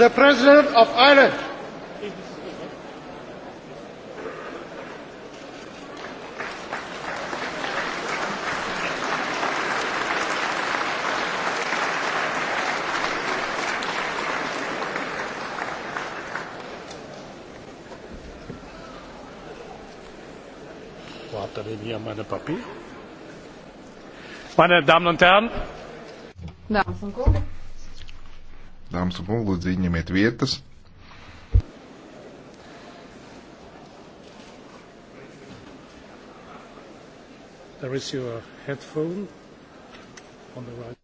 the President of Ireland. Warte denn hier meine Papier? Meine Damen und Herren, Dāmas un kungi, Dāmas un kungi, lūdzu, ņemiet vietas. There is your headphone on the right.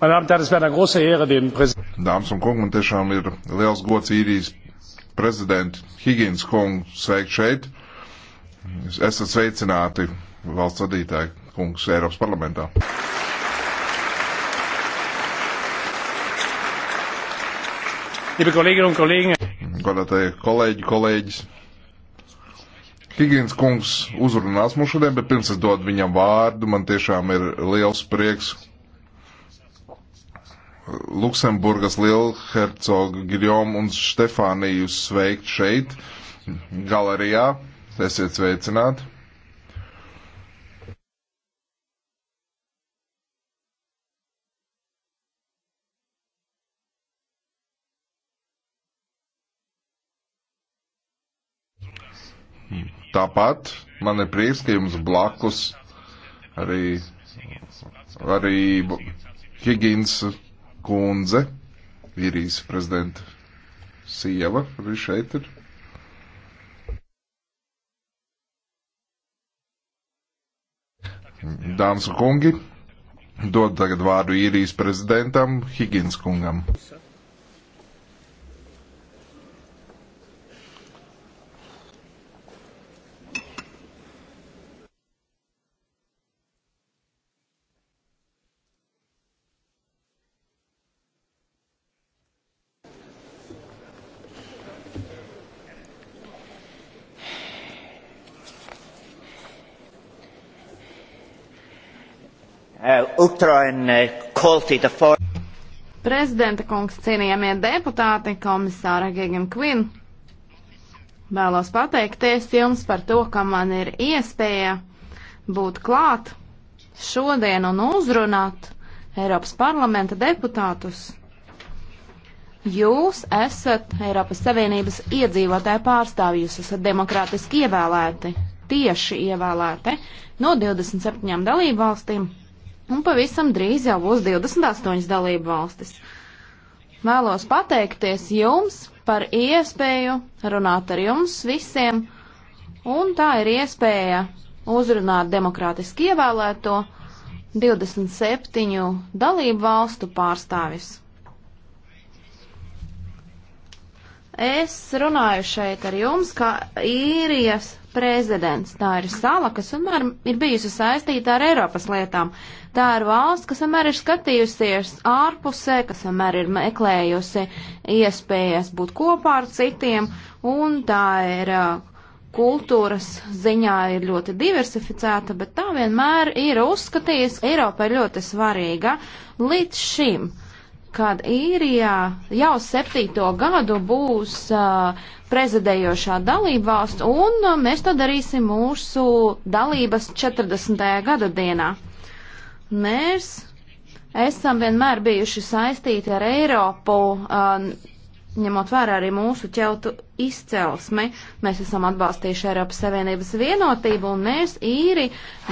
Meine Damen und Herren, es wäre eine große Ehre, den Präsidenten. Dāmas un kungi, man tiešām ir liels gods īrijas prezidentu Higgins kungu sveikt šeit. Esat sveicināti valsts vadītāji kungs Eiropas parlamentā. Liebe Kolleginnen und Kollegen, godātie kolēģi, kolēģis. Higīns kungs uzrunās mums šodien, bet pirms es dodu viņam vārdu, man tiešām ir liels prieks. Luksemburgas lielhercogu Giljomu un Štefāniju sveikt šeit, galerijā. Esiet sveicināti! Tāpat man ir prieks, ka jums blakus arī, arī Higgins kundze, īrijas prezidenta sieva, arī šeit ir. Dāmas un kungi, dod tagad vārdu īrijas prezidentam Higgins kungam. Sir. ultra un eh, kultīta forma. Prezidenta kungs, cienījamie deputāti, komisāra Gigam Kvin, vēlos pateikties jums par to, ka man ir iespēja būt klāt šodien un uzrunāt Eiropas parlamenta deputātus. Jūs esat Eiropas Savienības iedzīvotāju pārstāvji, jūs esat demokrātiski ievēlēti, tieši ievēlēti no 27 dalību valstīm. Un pavisam drīz jau būs 28 dalību valstis. Vēlos pateikties jums par iespēju runāt ar jums visiem, un tā ir iespēja uzrunāt demokrātiski ievēlēto 27 dalību valstu pārstāvis. Es runāju šeit ar jums, kā īrijas prezidents. Tā ir sala, kas vienmēr ir bijusi saistīta ar Eiropas lietām. Tā ir valsts, kas vienmēr ir skatījusies ārpusē, kas vienmēr ir meklējusi iespējas būt kopā ar citiem, un tā ir kultūras ziņā ir ļoti diversificēta, bet tā vienmēr ir uzskatījusi, ka Eiropa ir ļoti svarīga līdz šim kad īrijā jau septīto gadu būs uh, prezidējošā dalībvalsts, un uh, mēs to darīsim mūsu dalības 40. gada dienā. Mēs esam vienmēr bijuši saistīti ar Eiropu, um, ņemot vērā arī mūsu ķeltu izcelsmi. Mēs esam atbalstījuši Eiropas Savienības vienotību, un mēs īri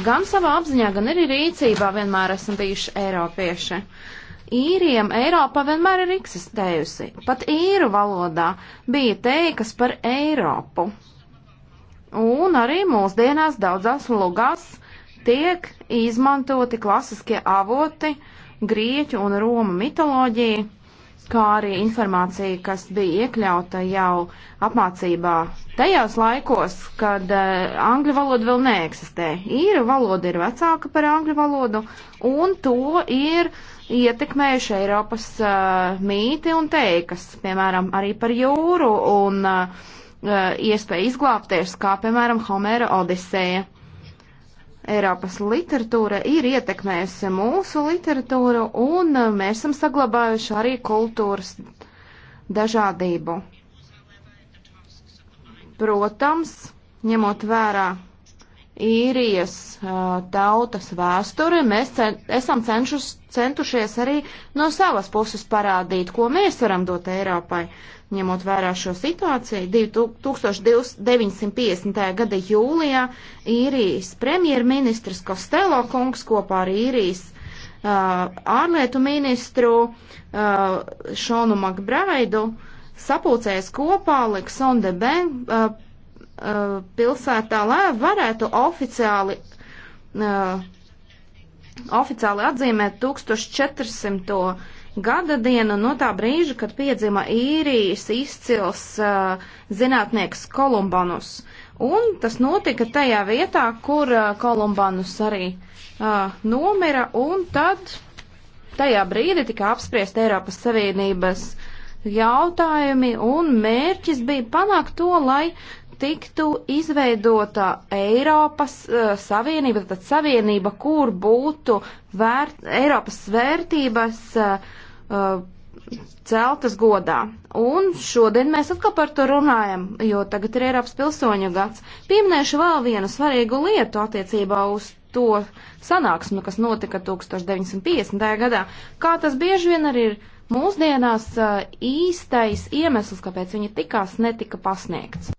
gan savā apziņā, gan arī rīcībā vienmēr esam bijuši Eiropieši. Īriem Eiropa vienmēr ir eksistējusi. Pat īru valodā bija teikas par Eiropu. Un arī mūsdienās daudzās lugās tiek izmantoti klasiskie avoti, grieķu un romu mitoloģija, kā arī informācija, kas bija iekļauta jau apmācībā tajos laikos, kad uh, angļu valoda vēl neeksistē. Īru valoda ir vecāka par angļu valodu, un to ir ietekmējuši Eiropas uh, mīti un teikas, piemēram, arī par jūru un uh, eh, iespēju izglābties, kā piemēram Homēra Odiseja. Uh, Eiropas literatūra ir ietekmējusi mūsu literatūru, un mēs esam saglabājuši arī kultūras dažādību. Protams, ņemot vērā īrijas uh, tautas vēsturi, mēs cen esam cenšus, centušies arī no savas puses parādīt, ko mēs varam dot Eiropai. Ņemot vērā šo situāciju, 1950. gada jūlijā īrijas premjerministrs Kostelo kungs kopā ar īrijas uh, ārlietu ministru uh, Šonu Makbraidu sapulcējas kopā Leksonde Ben uh, uh, pilsētā, lai varētu oficiāli, uh, oficiāli atzīmēt 1400. gada dienu no tā brīža, kad piedzima īrijas izcils uh, zinātnieks Kolumbanus. Un tas notika tajā vietā, kur uh, Kolumbanus arī uh, nomira, un tad tajā brīdī tika apspriest Eiropas Savienības jautājumi, un mērķis bija panākt to, lai tiktu izveidota Eiropas uh, Savienība, tad Savienība, kur būtu vērt, Eiropas vērtības uh, celtas godā. Un šodien mēs atkal par to runājam, jo tagad ir Eiropas pilsoņu gads. Pieminēšu vēl vienu svarīgu lietu attiecībā uz to sanāksmi, kas notika 1950. gadā. Kā tas bieži vien arī ir mūsdienās īstais iemesls, kāpēc viņa tikās, netika pasniegts.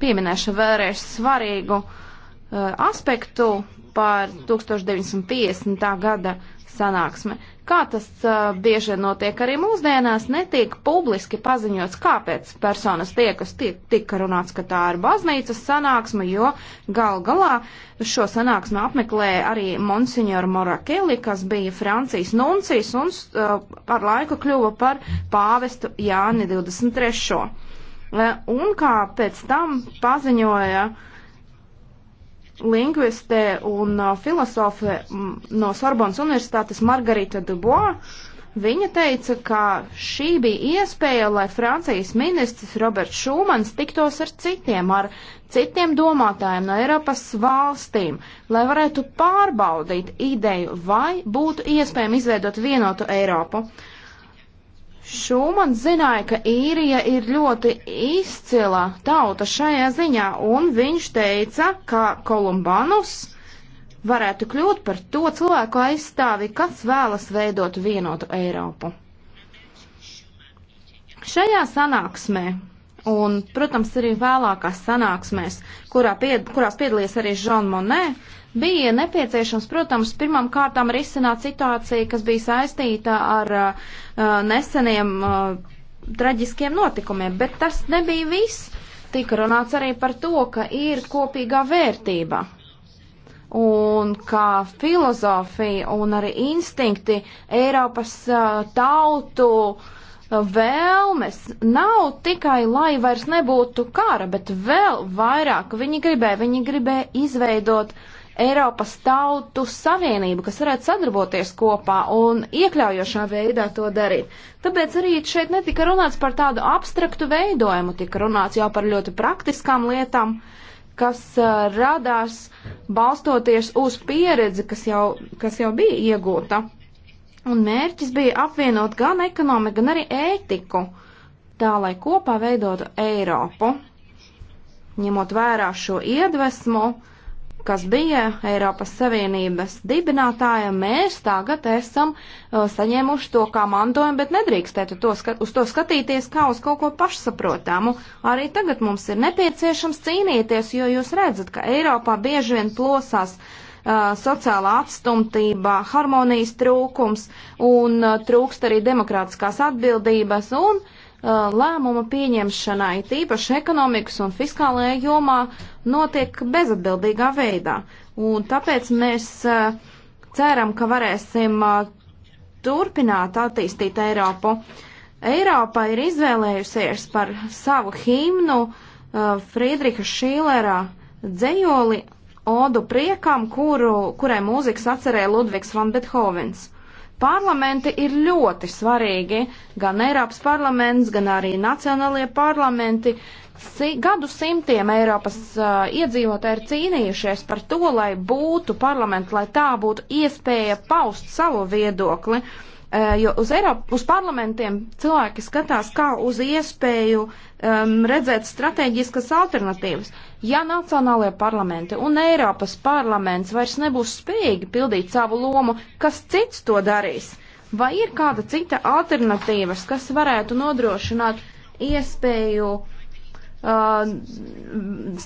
Pieminēšu vēlreiz svarīgu uh, aspektu par 1950. gada sanāksmi. Kā tas uh, bieži notiek arī mūsdienās, netiek publiski paziņots, kāpēc personas tiekas tika runāts, ka tā ir baznīcas sanāksme, jo gal galā šo sanāksmi apmeklēja arī Monsignor Morakeli, kas bija Francijas nuncijs un uh, eh, ar laiku kļuva par pāvestu Jāni 23. Eh, un kā pēc tam paziņoja lingviste un eh, filozofe no Sorbonas universitātes Margarita Dubois, viņa teica, ka šī bija iespēja, lai Francijas ministrs Roberts Šūmans tiktos ar citiem, ar citiem domātājiem no Eiropas valstīm, lai varētu pārbaudīt ideju, vai būtu iespējams izveidot vienotu Eiropu. Uh, Šūmans zināja, ka īrija ir ļoti izcila tauta šajā ziņā, un viņš teica, ka Kolumbanus varētu kļūt par to cilvēku aizstāvi, kas vēlas veidot vienotu Eiropu. Šajā sanāksmē, un, protams, arī vēlākās sanāksmēs, kurā pied, kurās piedalījies arī Žan Monē, Bija nepieciešams, protams, pirmām kārtām risināt situāciju, kas bija saistīta ar uh, neseniem uh, traģiskiem notikumiem, bet tas nebija viss. Tika runāts arī par to, ka ir kopīgā vērtība un kā filozofija un arī instinkti Eiropas uh, tautu uh, vēlmes nav tikai, lai vairs nebūtu kara, bet vēl vairāk viņi gribēja, viņi gribēja izveidot Eiropas tautu savienību, kas varētu sadarboties kopā un iekļaujošā veidā to darīt. Tāpēc arī šeit netika runāts par tādu abstraktu veidojumu, tika runāts jau par ļoti praktiskām lietām, kas uh, radās balstoties uz pieredzi, kas jau, kas jau bija iegūta. Un mērķis bija apvienot gan ekonomiku, gan arī ētiku, tā lai kopā veidotu Eiropu. Ņemot vērā šo iedvesmu, uh, kas bija Eiropas Savienības dibinātāja, mēs tagad esam uh, saņēmuši to kā mantojumu, bet nedrīkstētu to skat, uz to skatīties kā uz kaut ko pašsaprotamu. Arī tagad mums ir nepieciešams cīnīties, jo jūs redzat, ka Eiropā bieži vien plosās uh, sociālā atstumtība, harmonijas trūkums un uh, trūkst arī demokrātiskās atbildības un uh, Uh, lēmumu pieņemšanai, tīpaši ekonomikas un fiskālajā jomā, notiek bezatbildīgā veidā. Un tāpēc mēs uh, ceram, ka varēsim uh, turpināt attīstīt Eiropu. Eiropa ir izvēlējusies par savu himnu Friedriha Šīlera dzējoli Odu priekam, kuru, kurai mūzikas atcerēja Ludvigs van Bethovens. Parlamenti ir ļoti svarīgi, gan Eiropas parlaments, gan arī nacionālie parlamenti. Si gadu simtiem Eiropas uh, iedzīvotāji ir cīnījušies par to, lai būtu parlamenti, lai tā būtu iespēja paust savu viedokli. Uh, Eh, jo uz, Eiropu, uz parlamentiem cilvēki skatās kā uz iespēju um, redzēt strateģiskas alternatīvas. Ja nacionālajie parlamenti un Eiropas parlaments vairs nebūs spējīgi pildīt savu lomu, kas cits to darīs? Vai ir kāda cita alternatīvas, kas varētu nodrošināt iespēju uh,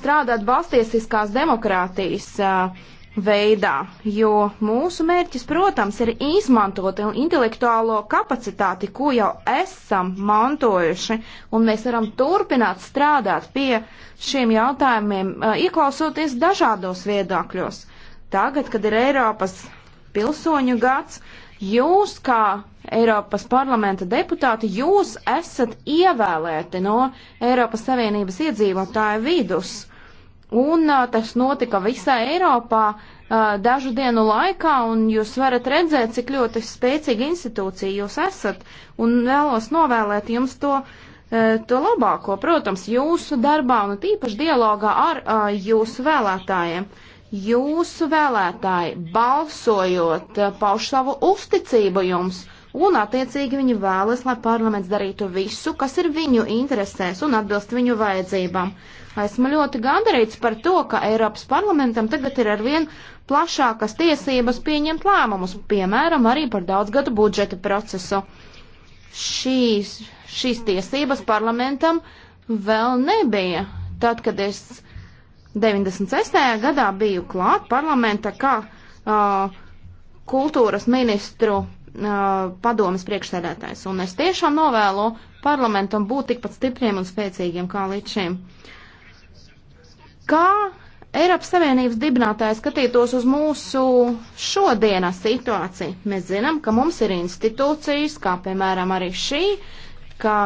strādāt balstiesiskās demokrātijas uh, veidā, jo mūsu mērķis, protams, ir izmantot intelektuālo kapacitāti, ko jau esam mantojuši, un mēs varam turpināt strādāt pie šiem jautājumiem, ieklausoties dažādos viedokļos. Tagad, kad ir Eiropas pilsoņu gads, jūs kā Eiropas parlamenta deputāti, jūs esat ievēlēti no Eiropas Savienības iedzīvotāju vidus Un uh, tas notika visā Eiropā uh, dažu dienu laikā, un jūs varat redzēt, cik ļoti spēcīga institūcija jūs esat, un vēlos novēlēt jums to, uh, to labāko, protams, jūsu darbā un tīpaši dialogā ar uh, jūsu vēlētājiem. Jūsu vēlētāji balsojot uh, pauž savu uzticību jums, un attiecīgi viņi vēlas, lai parlaments darītu visu, kas ir viņu interesēs un atbilst viņu vajadzībām. Uh, Esmu ļoti gandarīts par to, ka Eiropas parlamentam tagad ir arvien plašākas tiesības pieņemt lēmumus, piemēram, arī par daudzgadu budžeta procesu. Šīs, šīs tiesības parlamentam vēl nebija. Tad, kad es 96. gadā biju klāt parlamenta kā uh, kultūras ministru padomas priekšsēdētājs, un es tiešām novēlu parlamentam būt tikpat stipriem un spēcīgiem kā līdz šim. Kā Eiropas Savienības dibinātāji skatītos uz mūsu šodienas situāciju? Mēs zinām, ka mums ir institūcijas, kā piemēram arī šī, ka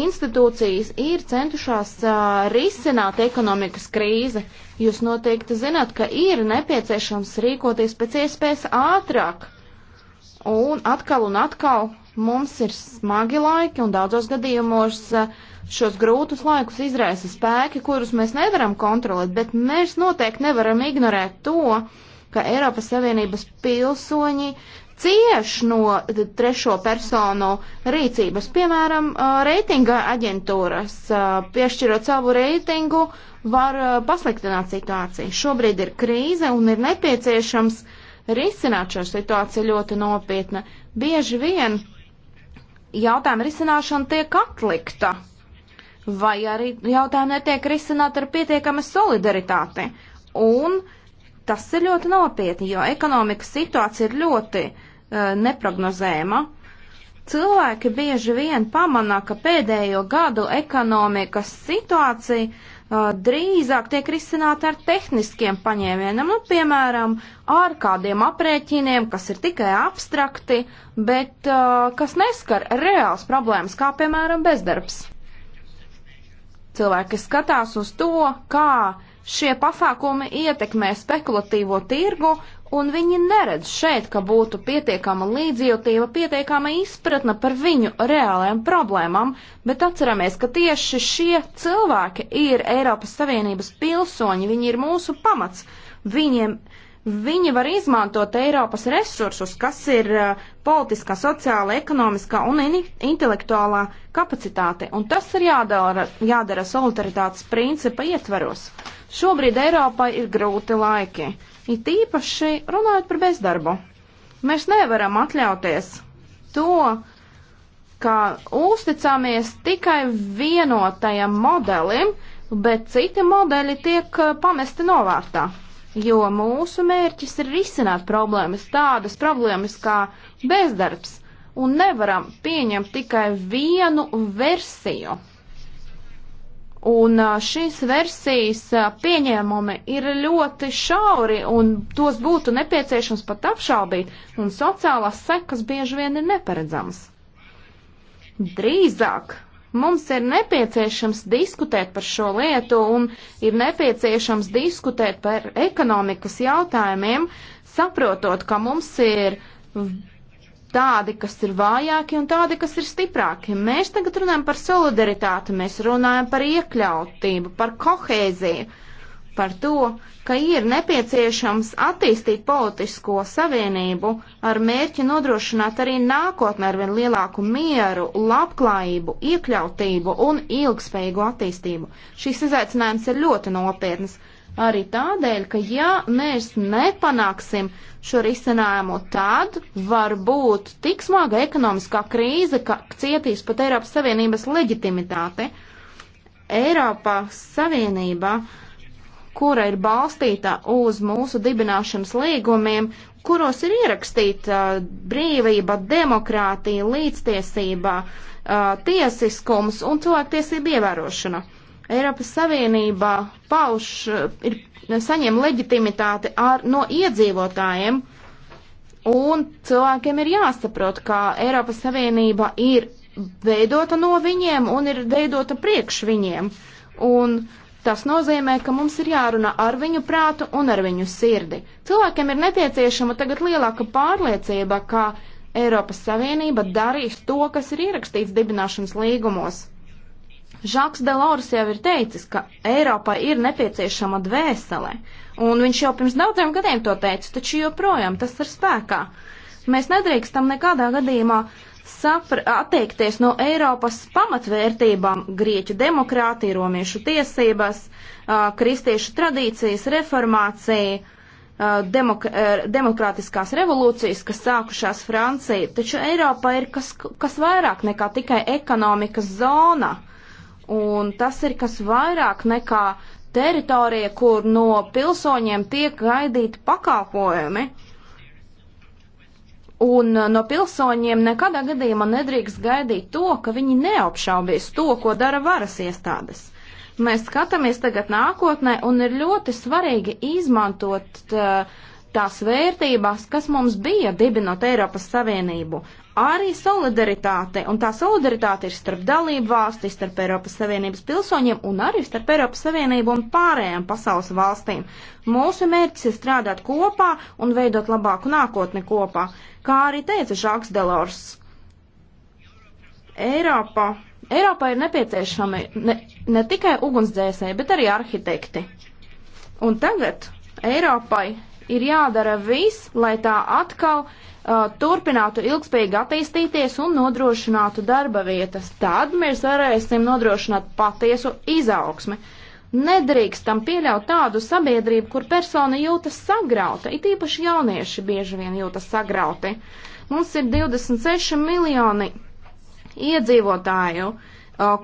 institūcijas ir centušās uh, risināt ekonomikas krīzi. Jūs noteikti zināt, ka ir nepieciešams rīkoties pēc iespējas ātrāk. Un atkal un atkal mums ir smagi laiki un daudzos gadījumos. Uh, Šos grūtus laikus izraisa spēki, kurus mēs nevaram kontrolēt, bet mēs noteikti nevaram ignorēt to, ka Eiropas Savienības pilsoņi cieš no trešo personu rīcības. Piemēram, reitinga aģentūras, piešķirot savu reitingu, var pasliktināt situāciju. Šobrīd ir krīze un ir nepieciešams risināt šo situāciju ļoti nopietna. Bieži vien jautājuma risināšana tiek atlikta vai arī jautājumi netiek risināti ar pietiekama solidaritāti. Un tas ir ļoti nopietni, jo ekonomikas situācija ir ļoti uh, neprognozējama. Cilvēki bieži vien pamana, ka pēdējo gadu ekonomikas situācija uh, drīzāk tiek risināta ar tehniskiem paņēmieniem, nu, piemēram, ar kādiem aprēķiniem, kas ir tikai abstrakti, bet uh, kas neskar reāls problēmas, kā piemēram bezdarbs. Cilvēki, kas skatās uz to, kā šie pasākumi ietekmē spekulatīvo tirgu, un viņi neredz šeit, ka būtu pietiekama līdzjūtība, pietiekama izpratne par viņu reālajām problēmām, bet atceramies, ka tieši šie cilvēki ir Eiropas Savienības pilsoņi, viņi ir mūsu pamats. Viņiem Viņi var izmantot Eiropas resursus, kas ir eh, politiskā, sociāla, ekonomiskā un intelektuālā kapacitāte, un tas ir jādara, jādara solidaritātes principa ietveros. Šobrīd Eiropai ir grūti laiki, it īpaši runājot par bezdarbu. Mēs nevaram atļauties to, ka uzticamies tikai vienotajam modelim, bet citi modeļi tiek eh, pamesti novārtā jo mūsu mērķis ir risināt problēmas, tādas problēmas kā bezdarbs, un nevaram pieņemt tikai vienu versiju. Un šīs versijas pieņēmumi ir ļoti šauri, un tos būtu nepieciešams pat apšaubīt, un sociālās sekas bieži vien ir neparedzamas. Drīzāk Mums ir nepieciešams diskutēt par šo lietu un ir nepieciešams diskutēt par ekonomikas jautājumiem, saprotot, ka mums ir tādi, kas ir vājāki un tādi, kas ir stiprāki. Mēs tagad runājam par solidaritāti, mēs runājam par iekļautību, par kohēziju par to, ka ir nepieciešams attīstīt politisko savienību ar mērķi nodrošināt arī nākotnē ar vien lielāku mieru, labklājību, iekļautību un ilgspējīgu attīstību. Šis izaicinājums ir ļoti nopietnas. Arī tādēļ, ka ja mēs nepanāksim šo risinājumu, tad var būt tik smaga ekonomiskā krīze, ka cietīs pat Eiropas Savienības leģitimitāte. Eiropas Savienība uh, kura ir balstīta uz mūsu dibināšanas līgumiem, kuros ir ierakstīta uh, brīvība, demokrātija, līdztiesība, uh, tiesiskums un cilvēktiesība ievērošana. Eiropas Savienība pauš, uh, ir, saņem leģitimitāti ar, no iedzīvotājiem, un cilvēkiem ir jāsaprot, ka Eiropas Savienība ir veidota no viņiem un ir veidota priekš viņiem. Un uh, Tas nozīmē, ka mums ir jārunā ar viņu prātu un ar viņu sirdi. Cilvēkiem ir nepieciešama tagad lielāka pārliecība, ka Eiropas Savienība darīs to, kas ir ierakstīts dibināšanas līgumos. Žaks Delors jau ir teicis, ka Eiropai ir nepieciešama dvēsele, un viņš jau pirms daudziem gadiem to teica, taču joprojām tas ir spēkā. Mēs nedrīkstam nekādā gadījumā uh, sapra, atteikties no Eiropas pamatvērtībām - grieķu demokrātija, romiešu tiesības, kristiešu tradīcijas, reformācija, demok demokrātiskās revolūcijas, kas sākušās Francija. Taču Eiropā ir kas, kas vairāk nekā tikai ekonomikas zona. Un tas ir kas vairāk nekā teritorija, kur no pilsoņiem tiek gaidīti pakalpojumi. Uh, Un uh, no pilsoņiem nekādā gadījumā nedrīkst gaidīt to, ka viņi neapšaubīs to, ko dara varas iestādes. Mēs skatāmies tagad nākotnē un ir ļoti svarīgi izmantot uh, tās vērtības, kas mums bija dibinot Eiropas Savienību arī solidaritāte, un tā solidaritāte ir starp dalību valsti, starp Eiropas Savienības pilsoņiem un arī starp Eiropas Savienību un pārējām pasaules valstīm. Mūsu mērķis ir strādāt kopā un veidot labāku nākotni kopā, kā arī teica Žaks Delors. Eiropa. Eiropā ir nepieciešami ne, ne tikai ugunsdzēsēji, bet arī arhitekti. Un tagad Eiropai ir jādara viss, lai tā atkal uh, turpinātu ilgspējīgi attīstīties un nodrošinātu darba vietas. Tad mēs varēsim nodrošināt patiesu izaugsmi. Nedrīkstam pieļaut tādu sabiedrību, kur persona jūtas sagrauta, it īpaši jaunieši bieži vien jūtas sagrauti. Mums ir 26 miljoni iedzīvotāju. Uh,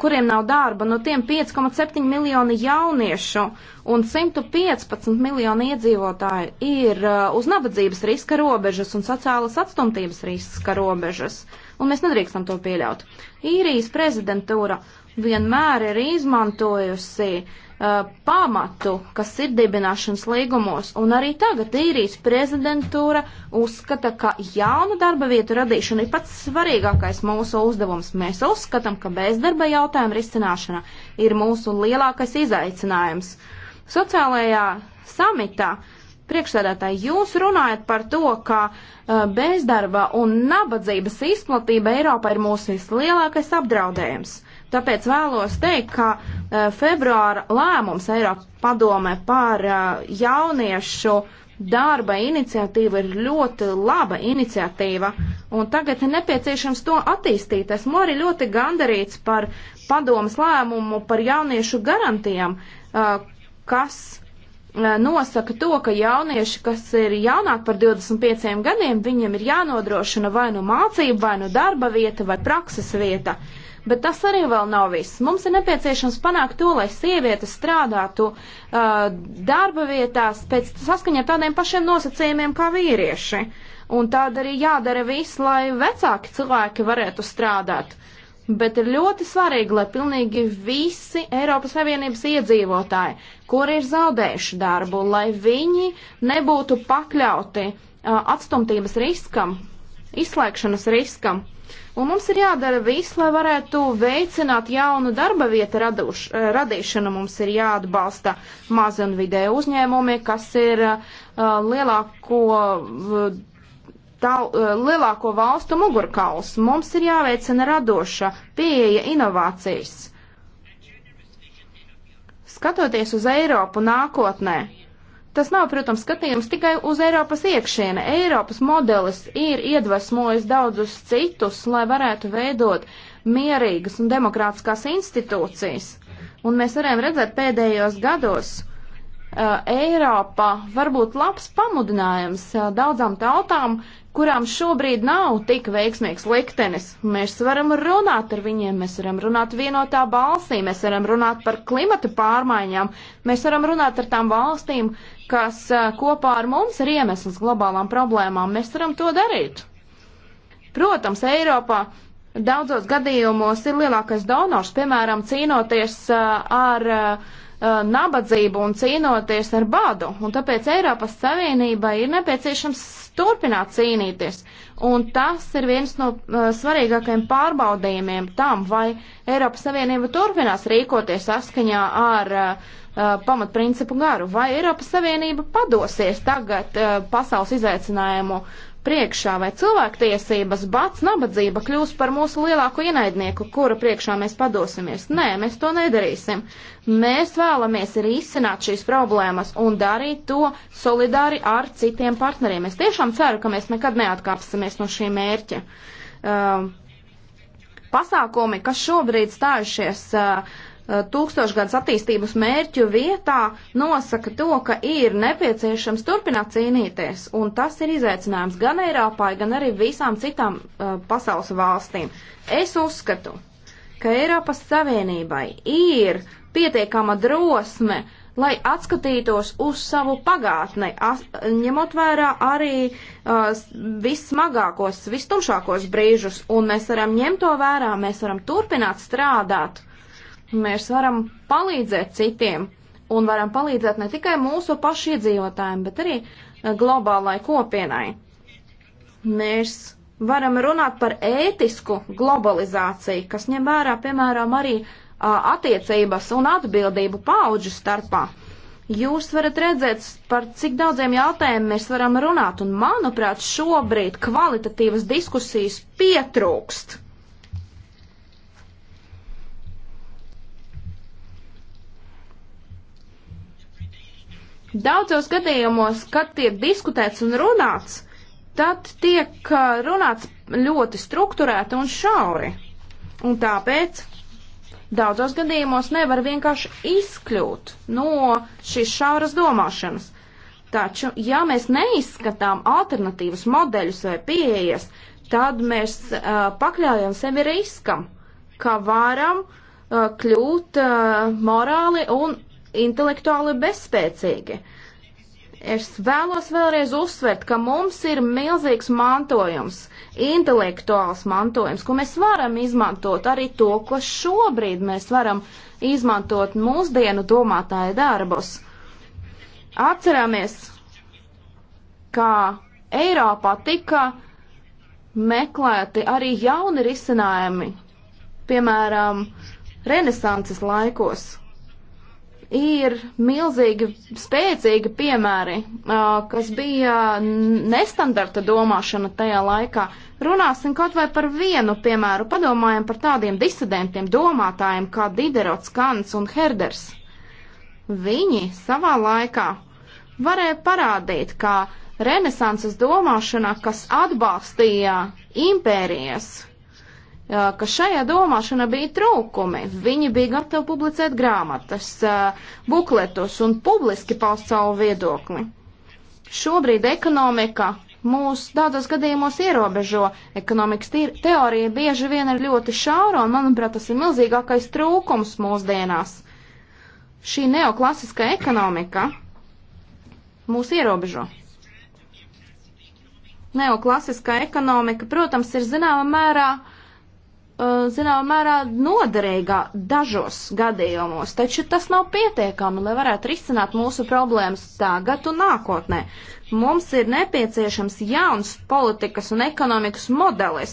kuriem nav darba, no nu, tiem 5,7 miljoni jauniešu un 115 miljoni iedzīvotāji ir uz nabadzības riska robežas un sociālas atstumtības riska robežas, un mēs nedrīkstam to pieļaut. Īrijas prezidentūra vienmēr ir izmantojusi uh, uh, pamatu, kas ir dibināšanas līgumos, un arī tagad īrijas prezidentūra uzskata, ka jauna darba vietu radīšana ir pats svarīgākais mūsu uzdevums. Mēs uzskatām, ka bezdarba jautājuma risināšana ir mūsu lielākais izaicinājums. Sociālajā samitā priekšsēdētāji, jūs runājat par to, ka uh, bezdarba un nabadzības izplatība Eiropā ir mūsu vislielākais apdraudējums. Tāpēc vēlos teikt, ka e, februāra lēmums Eiropa padomē par e, jauniešu darba iniciatīva ir ļoti laba iniciatīva, un tagad ir nepieciešams to attīstīt. Esmu arī ļoti gandarīts par padomas lēmumu par jauniešu garantijām, e, kas nosaka to, ka jaunieši, kas ir jaunāki par 25 gadiem, viņiem ir jānodrošina vai nu mācība, vai nu darba vieta, vai prakses vieta. Uh, Bet tas arī vēl nav viss. Mums ir nepieciešams panākt to, lai sievietes strādātu uh, darba vietās pēc saskaņa ar tādiem pašiem nosacījumiem kā vīrieši. Un tāda arī jādara viss, lai vecāki cilvēki varētu strādāt. Bet ir ļoti svarīgi, lai pilnīgi visi Eiropas Savienības iedzīvotāji, kuri ir zaudējuši darbu, lai viņi nebūtu pakļauti uh, atstumtības riskam, izslēgšanas riskam. Uh, Un mums ir jādara viss, lai varētu veicināt jaunu darba vietu raduš, eh, radīšanu. Mums ir jāatbalsta mazi un vidēji uzņēmumi, kas ir uh, lielāko, uh, eh, tā, uh, lielāko valstu mugurkauls. Mums ir jāveicina radoša pieeja inovācijas. Skatoties uz Eiropu nākotnē, Tas nav, protams, skatījums tikai uz Eiropas iekšiene. Eiropas modelis ir iedvesmojis daudzus citus, lai varētu veidot mierīgas un demokrātiskās institūcijas. Un mēs varējām redzēt pēdējos gados, Eiropā var būt labs pamudinājums daudzām tautām, kurām šobrīd nav tik veiksmīgs liktenis. Mēs varam runāt ar viņiem, mēs varam runāt vienotā balsī, mēs varam runāt par klimata pārmaiņām, mēs varam runāt ar tām valstīm, kas kopā ar mums ir iemesls globālām problēmām. Mēs varam to darīt. Protams, Eiropā daudzos gadījumos ir lielākais donors, piemēram, cīnoties ar Uh, nabadzību un cīnoties ar badu. Un tāpēc Eiropas Savienībai ir nepieciešams turpināt cīnīties. Un tas ir viens no uh, svarīgākajiem pārbaudījumiem tam, vai Eiropas Savienība turpinās rīkoties saskaņā ar uh, uh, pamatprincipu garu, vai Eiropas Savienība padosies tagad uh, pasaules izaicinājumu uh, priekšā, vai cilvēktiesības, bats, nabadzība kļūs par mūsu lielāko ienaidnieku, kura priekšā mēs padosimies. Nē, mēs to nedarīsim. Mēs vēlamies arī izsināt šīs problēmas un darīt to solidāri ar citiem partneriem. Es tiešām ceru, ka mēs nekad neatkāpsimies no šī mērķa. Uh, pasākumi, kas šobrīd stājušies uh, Eh, tūkstošgadus attīstības mērķu vietā nosaka to, ka ir nepieciešams turpināt cīnīties, un tas ir izaicinājums gan Eiropai, gan arī visām citām uh, pasaules valstīm. Es uzskatu, ka Eiropas Savienībai ir pietiekama drosme, lai atskatītos uz savu pagātni, as, ņemot vērā arī uh, vissmagākos, vistumšākos brīžus, un mēs varam ņemt to vērā, mēs varam turpināt strādāt Mēs varam palīdzēt citiem un varam palīdzēt ne tikai mūsu pašu iedzīvotājiem, bet arī eh, globālai kopienai. Mēs varam runāt par ētisku globalizāciju, kas ņem vērā, piemēram, arī attiecības un atbildību paudžu starpā. Jūs varat redzēt, par cik daudziem jautājumiem mēs varam runāt, un manuprāt, šobrīd kvalitatīvas diskusijas pietrūkst. Daudzos gadījumos, kad tiek diskutēts un runāts, tad tiek uh, runāts ļoti strukturēti un šauri. Un tāpēc daudzos gadījumos nevar vienkārši izkļūt no šīs šauras domāšanas. Taču, ja mēs neizskatām alternatīvas modeļus vai pieejas, tad mēs uh, pakļaujam sevi riskam, ka varam uh, kļūt uh, morāli un intelektuāli bezspēcīgi. Es vēlos vēlreiz uzsvert, ka mums ir milzīgs mantojums, intelektuāls mantojums, ko mēs varam izmantot arī to, ko šobrīd mēs varam izmantot mūsdienu domātāju darbus. Atceramies, kā Eiropā tika meklēti arī jauni risinājumi, piemēram, renesances laikos ir milzīgi spēcīgi piemēri, kas bija nestandarta domāšana tajā laikā. Runāsim kaut vai par vienu piemēru, padomājam par tādiem disidentiem, domātājiem kā Diderots, Kants un Herders. Viņi savā laikā varēja parādīt, ka renesanses domāšana, kas atbalstīja impērijas ka šajā domāšanā bija trūkumi. Viņi bija gatavi publicēt grāmatas, bukletus un publiski paust savu viedokli. Šobrīd ekonomika mūs daudzos gadījumos ierobežo. Ekonomikas teorija bieži vien ir ļoti šaura, un, manuprāt, tas ir milzīgākais trūkums mūsdienās. Šī neoklasiskā ekonomika mūs ierobežo. Neoklasiskā ekonomika, protams, ir zināmā mērā uh, Eh, zināmā mērā noderīgā dažos gadījumos, taču tas nav pietiekami, lai varētu risināt mūsu problēmas tagad un nākotnē. Mums ir nepieciešams jauns politikas un ekonomikas modelis,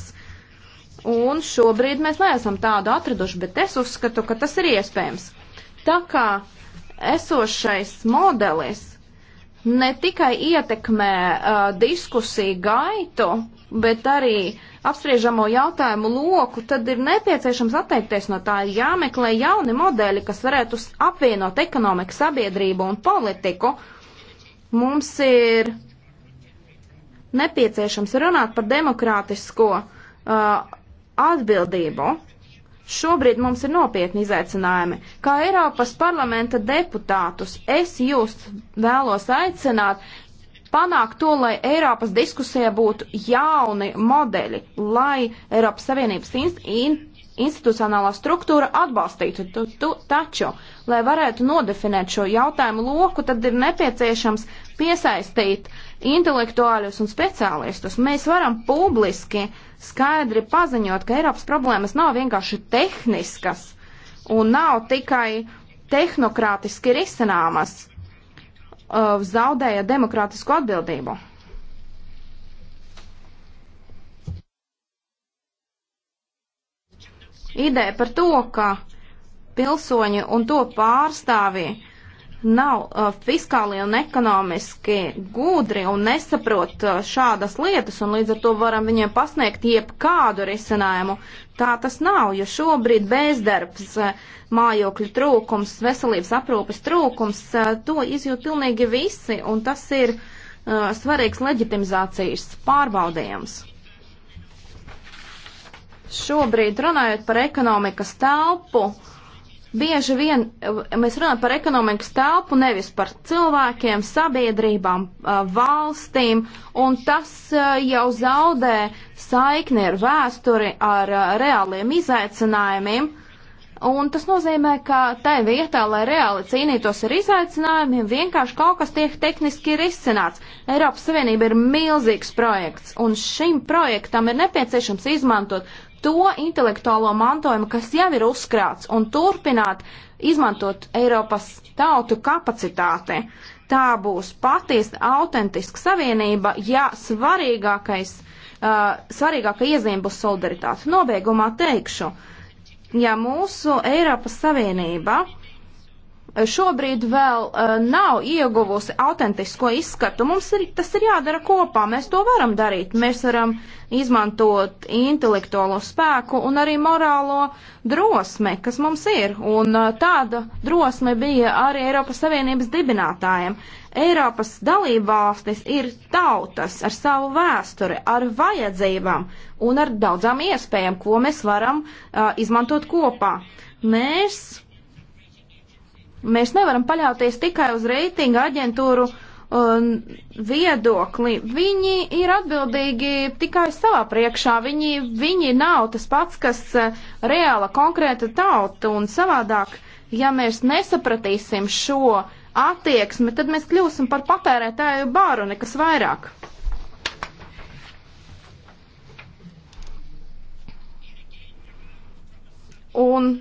un šobrīd mēs neesam tādu atraduši, bet es uzskatu, ka tas ir iespējams. Tā kā esošais modelis ne tikai ietekmē uh, diskusiju gaitu, bet arī apspriežamo jautājumu loku, tad ir nepieciešams atteikties no tā, jāmeklē jauni modeļi, kas varētu apvienot ekonomiku, sabiedrību un politiku. Mums ir nepieciešams runāt par demokrātisko uh, atbildību. Šobrīd mums ir nopietni izaicinājumi. Kā Eiropas parlamenta deputātus es jūs vēlos aicināt panākt to, lai Eiropas diskusijā būtu jauni modeļi, lai Eiropas Savienības inst in institucionālā struktūra atbalstītu. Tu, tu, taču, lai varētu nodefinēt šo jautājumu loku, tad ir nepieciešams piesaistīt intelektuāļus un speciālistus. Mēs varam publiski skaidri paziņot, ka Eiropas problēmas nav vienkārši tehniskas un nav tikai tehnokrātiski risināmas, uh, zaudēja demokrātisku atbildību. Ideja par to, ka pilsoņi un to pārstāvji nav uh, fiskāli un ekonomiski gudri un nesaprot uh, šādas lietas, un līdz ar to varam viņiem pasniegt jebkādu risinājumu. Tā tas nav, jo šobrīd bezdarbs, uh, mājokļu trūkums, veselības aprūpes trūkums, uh, to izjūt pilnīgi visi, un tas ir uh, svarīgs leģitimizācijas pārbaudījums. Šobrīd runājot par ekonomikas telpu, bieži vien eh, mēs runājam par ekonomikas telpu, nevis par cilvēkiem, sabiedrībām, eh, valstīm, un tas eh, jau zaudē saikni ar vēsturi, ar reāliem izaicinājumiem. Un tas nozīmē, ka tai vietā, lai reāli cīnītos ar izaicinājumiem, vienkārši kaut kas tiek tehniski risināts. Eiropas Savienība ir milzīgs projekts, un šim projektam ir nepieciešams izmantot to intelektuālo mantojumu, kas jau ir uzkrāts, un turpināt izmantot Eiropas tautu kapacitāti. Tā būs patiesa, autentiska savienība, ja svarīgākais, uh, svarīgākā iezīme būs solidaritāte. Nobeigumā teikšu, ja mūsu Eiropas Savienība šobrīd vēl uh, nav ieguvusi autentisko izskatu. Mums ir, tas ir jādara kopā, mēs to varam darīt. Mēs varam izmantot intelektuālo spēku un arī morālo drosmi, kas mums ir. Un uh, tāda drosme bija arī Eiropas Savienības dibinātājiem. Eiropas dalībvalstis ir tautas ar savu vēsturi, ar vajadzībām un ar daudzām iespējām, ko mēs varam uh, izmantot kopā. Mēs Mēs nevaram paļauties tikai uz reitinga aģentūru um, viedokli. Viņi ir atbildīgi tikai savā priekšā. Viņi, viņi nav tas pats, kas uh, reāla konkrēta tauta un savādāk. Ja mēs nesapratīsim šo attieksmi, tad mēs kļūsim par patērētāju bāru, nekas vairāk. Un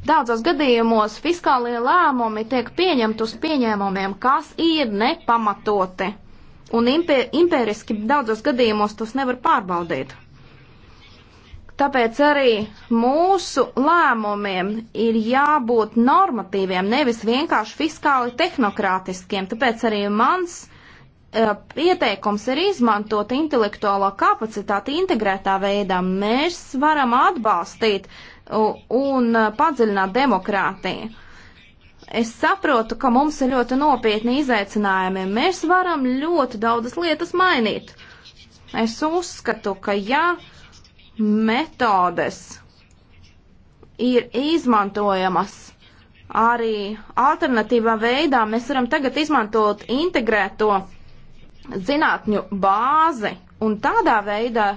Daudzos gadījumos fiskālie lēmumi tiek pieņemti uz pieņēmumiem, kas ir nepamatoti, un impēriski daudzos gadījumos tos nevar pārbaudīt. Tāpēc arī mūsu lēmumiem ir jābūt normatīviem, nevis vienkārši fiskāli tehnokrātiskiem. Tāpēc arī mans uh, e, pieteikums ir izmantot intelektuālo kapacitāti integrētā veidā. Mēs varam atbalstīt uh, un uh, padziļināt demokrātiju. Es saprotu, ka mums ir ļoti nopietni izaicinājumi. Mēs varam ļoti daudzas lietas mainīt. Es uzskatu, ka ja metodes ir izmantojamas arī alternatīvā veidā, mēs varam tagad izmantot integrēto zinātņu bāzi un tādā veidā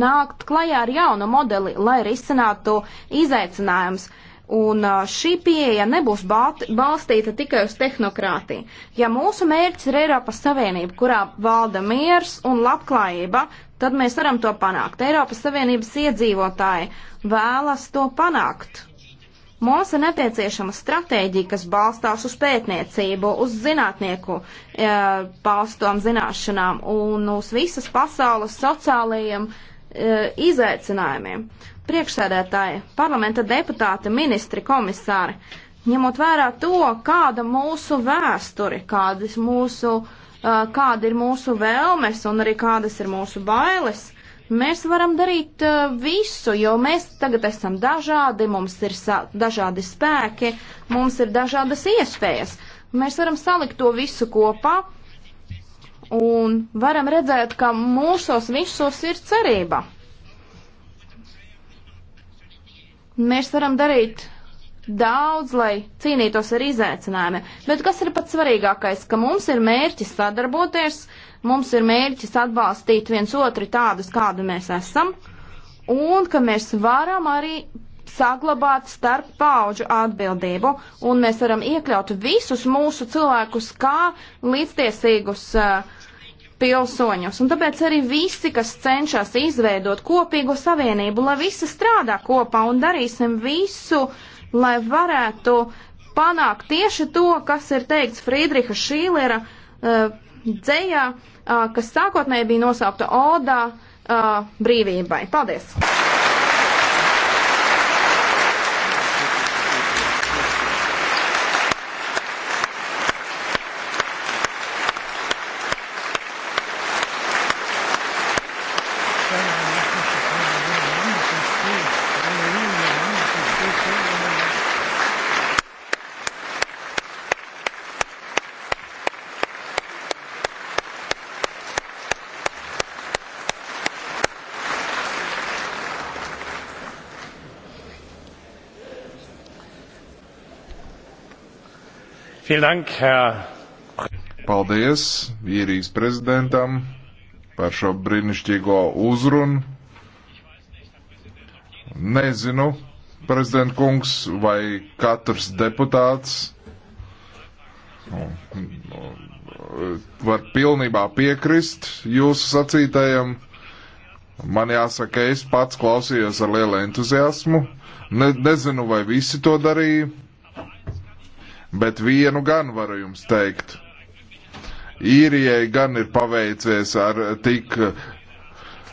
nākt klajā ar jaunu modeli, lai arī izcinātu izaicinājumus. Un šī pieeja nebūs balstīta tikai uz tehnokrātiju. Ja mūsu mērķis ir Eiropas Savienība, kurā valda miers un labklājība, tad mēs varam to panākt. Eiropas Savienības iedzīvotāji vēlas to panākt. Mums ir nepieciešama stratēģija, kas balstās uz pētniecību, uz zinātnieku e, paustām zināšanām un uz visas pasaules sociālajiem e, izaicinājumiem. Priekšsēdētāji, parlamenta deputāti, ministri, komisāri, ņemot vērā to, kāda mūsu vēsture, kādas mūsu, e, kāda ir mūsu vēlmes un arī kādas ir mūsu bailes Mēs varam darīt uh, visu, jo mēs tagad esam dažādi, mums ir dažādi spēki, mums ir dažādas iespējas. Mēs varam salikt to visu kopā un varam redzēt, ka mūsos visos ir cerība. Mēs varam darīt daudz, lai cīnītos ar izaicinājumiem. Bet kas ir pats svarīgākais, ka mums ir mērķis sadarboties, mums ir mērķis atbalstīt viens otru tādus, kādu mēs esam, un ka mēs varam arī saglabāt starp pauģu atbildību, un mēs varam iekļaut visus mūsu cilvēkus kā līdztiesīgus uh, pilsoņus. Un tāpēc arī visi, kas cenšas izveidot kopīgo savienību, lai visi strādā kopā un darīsim visu, uh, lai varētu panākt tieši to, kas ir teikts Friedriha Šīlera uh, dzējā, uh, kas sākotnēji bija nosaukta Oda uh, brīvībai. Paldies! Paldies īrijas prezidentam par šo brīnišķīgo uzrunu. Nezinu, prezident kungs, vai katrs deputāts nu, var pilnībā piekrist jūsu sacītajam. Man jāsaka, es pats klausījos ar lielu entuziasmu. Ne, nezinu, vai visi to darīja, bet vienu gan varu jums teikt. Īrijai gan ir paveicies ar tik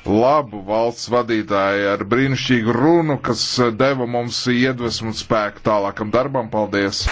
labu valsts vadītāju, ar brīnišķīgu runu, kas deva mums iedvesmu un spēku tālākam darbam. Paldies!